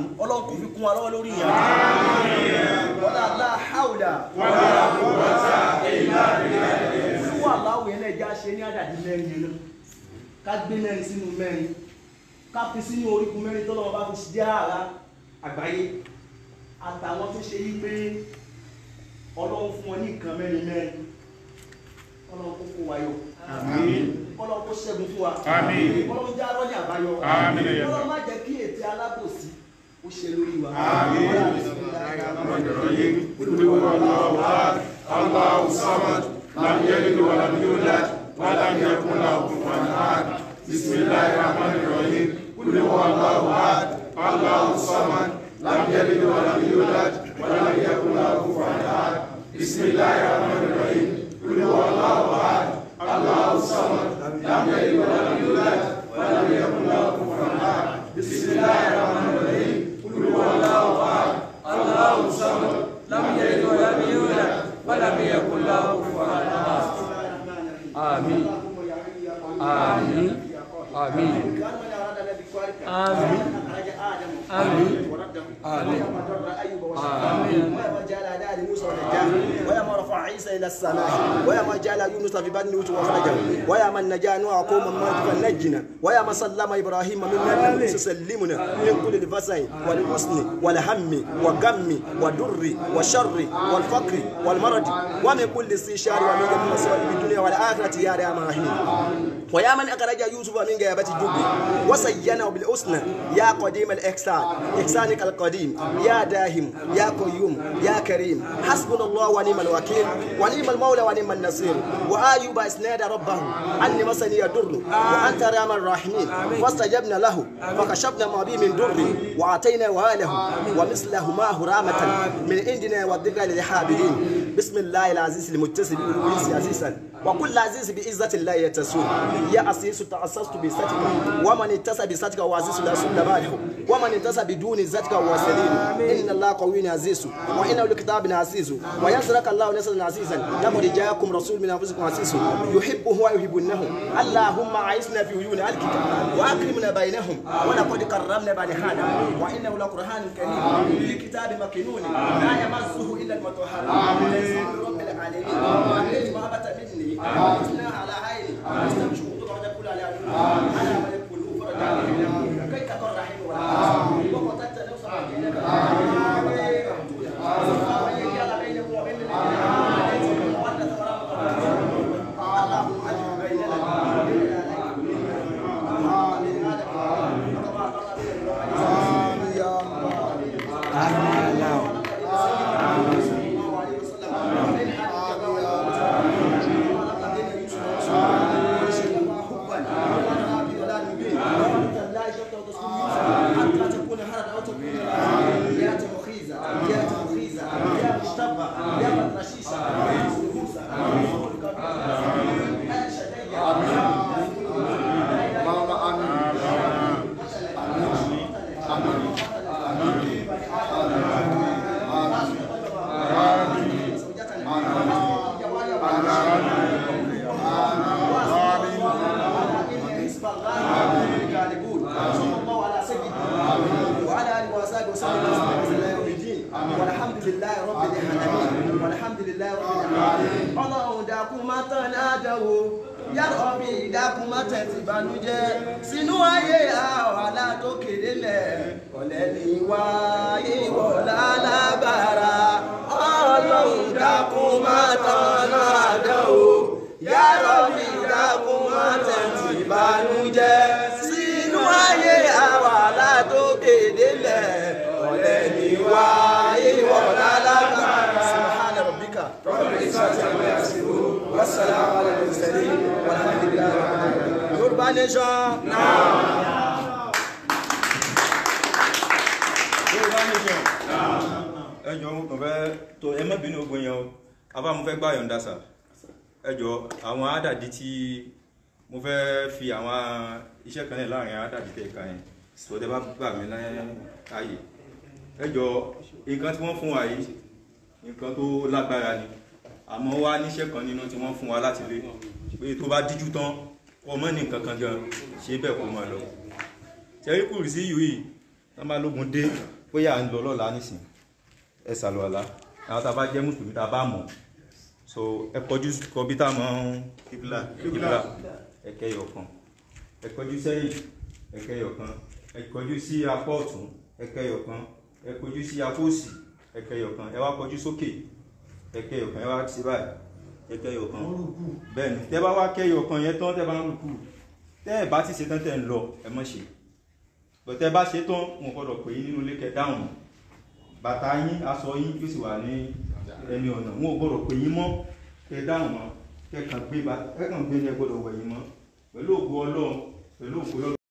ọlọ́run kò fi kún wa lọ́wọ́ lórí yẹn. wọ́n lá hàwùdà. wọ́n lá kúwọ́tà ìlà ìlà ìlà. tí wọ́n aláwọ̀ yẹn lẹ́jà ṣe ní àdàdì mẹ́rin yẹn náà ká gbé mẹ́rin sínú mẹ́rin ká fi sínú orígun mẹ́rin tọ́lọ́wọ́ bá fi dé àrà àgbáyé àtàwọn tó ṣe yí pé ọlọ́run fún wọn ní nǹkan mẹ́rin mẹ́rin ọlọ́run kó fún wa ọlọ́run kó ṣẹ́gun fún wa. ọlọ́run já rọ́ọ̀yìn àbáyọ. ọlọ́run má jẹ́ kí ètè alábòsí ó ṣe lórí wa. Allahu samad lam yalid wa lam yulad wa lam yakun lahu kufuwan ahad bismillahir ولم يكن له كفوا احد آمين آمين آمين آمين آمين آمين ويا جعل آل موسى ونجاه ويا ما رفع عيسى إلى السماء ويا ما جعل يونس في بدنه وخرجه ويا من نجا نوح قوما ما فنجنا ويا ما سلم إبراهيم منا من سلمنا من كل الفساد والحسن والهم والغم والدر والشر والفقر والمرض ومن كل سيشار ومن كل مصيبة في الدنيا والآخرة يا رحمن ويا من أخرج يوسف من غيابة الجب وسينه بالحسنى يا قديم الإحسان الخيرات إحسانك القديم يا داهم يا قيوم يا كريم حسبنا الله ونعم الوكيل ونعم المولى ونعم النصير وأيوب إسناد ربه أني مسني يضر وأنت رحم الراحمين فاستجبنا له فكشفنا ما به من ضر وأعطينا وآله ومثله معه رامة من عندنا والذكرى للحابدين بسم الله العزيز المتصل بالرؤوس عزيزا وكل العزيز بإزة الله يتسون يا أسيس تأسست بستك ومن اتسى بستك وعزيز لا سل بعده ومن ليس بدون ذاتك واصلين إن الله قوي عزيز وإن الكتاب عزيز وينصرك الله نصرا عزيزا لقد جاءكم رسول من أنفسكم عزيز يحبه ويحبونه اللهم أعزنا في عيون الكتاب وأكرمنا بينهم ولقد كرمنا بني هذا وإنه لقرآن كريم في كتاب مكنون لا يمسه إلا المطهرون تنزيل رب العالمين وأنزل محبة مني وأسلام على عيني أستمشوا وضعنا كل على عيوني alhamdulilayi rabbil alamin alhamdulilayi rabbil alamin ọlọ́run dákun má tán ní àdánwò yàrá mi ìdákun má tẹ̀ ti bànújẹ́ sínú ayé àwọn aládókèrè lẹ̀ ọ̀lẹ́ ní wá ìwọ̀ lálábàárà ọlọ́run dákun má tán ní àdánwò yàrá mi ìdákun má tẹ̀ ti bànújẹ́ sínú ayé àwọn aládókèrè lẹ̀ ọ̀lẹ́ ní wá. والسلام على المرسلين والحمد لله رب العالمين يربى نجا نعم يربى نجا نعم ẹ jọ mo kàn fẹ́ tó ẹ má bínú ogun yẹn o abá mo fẹ́ gbà yọ̀ǹda sà ẹ jọ àwọn àdàdì tí mo fẹ́ fi àwọn iṣẹ́ kan lẹ̀ láàrin àdàdì tẹ̀ ka yẹn tó tẹ bá gbà mí láyè ẹ jọ nǹkan tí wọ́n fún wa yìí nǹkan tó lágbára ni àmọ́ wá níṣẹ́ kan nínú tí wọ́n fún wa láti lé pé tó bá díjú tán kó mọ́ ní nǹkan kan gan ṣe bẹ́ẹ̀ kó máa lọ ṣẹ́rí kùrì sí yìí tán bá lógun dé bóyá à ń lọ lọ́la nísìn ẹ sàlùwàlá àwọn tá a bá jẹ́ mùsùlùmí tá a bá mọ̀ so ẹ kọjú kọbí tá a mọ̀ kíbla kíbla ẹ kẹyọ̀ kan ẹ kọjú sẹ́yìn ẹ kẹyọ̀ kan ẹ kọjú sí apá ọ̀tún ẹ kẹyọ̀ kan ẹ kọjú sí apá òsì ẹ kẹyọ̀ kan ẹ wá kọjú sókè ẹ kẹyọ kan ẹ wá sí báyìí ẹ kẹyọ kan bẹ́ẹ̀ ni tẹ́ bá wá kẹyọ kan yẹn tán tẹ́ bá ń rúkú tẹ́ ẹ bá ti ṣe tán tẹ́ ń lọ ẹ mọ̀ ṣe bọ̀tẹ́ bá ṣe tán wọn gbọ́dọ̀ pè yín nínú ilé kẹ dáhùn bàtà yín aṣọ yín yóò sì wà ní ẹni ọ̀nà wọn ò pè yín mọ́ kẹ dáhùn kẹkàn gbé bá ẹ gbọ́dọ̀ wẹ̀ yín mọ́ pẹ̀lú ògo Ọlọ́run pẹ̀lú ògo Ọlọ́run.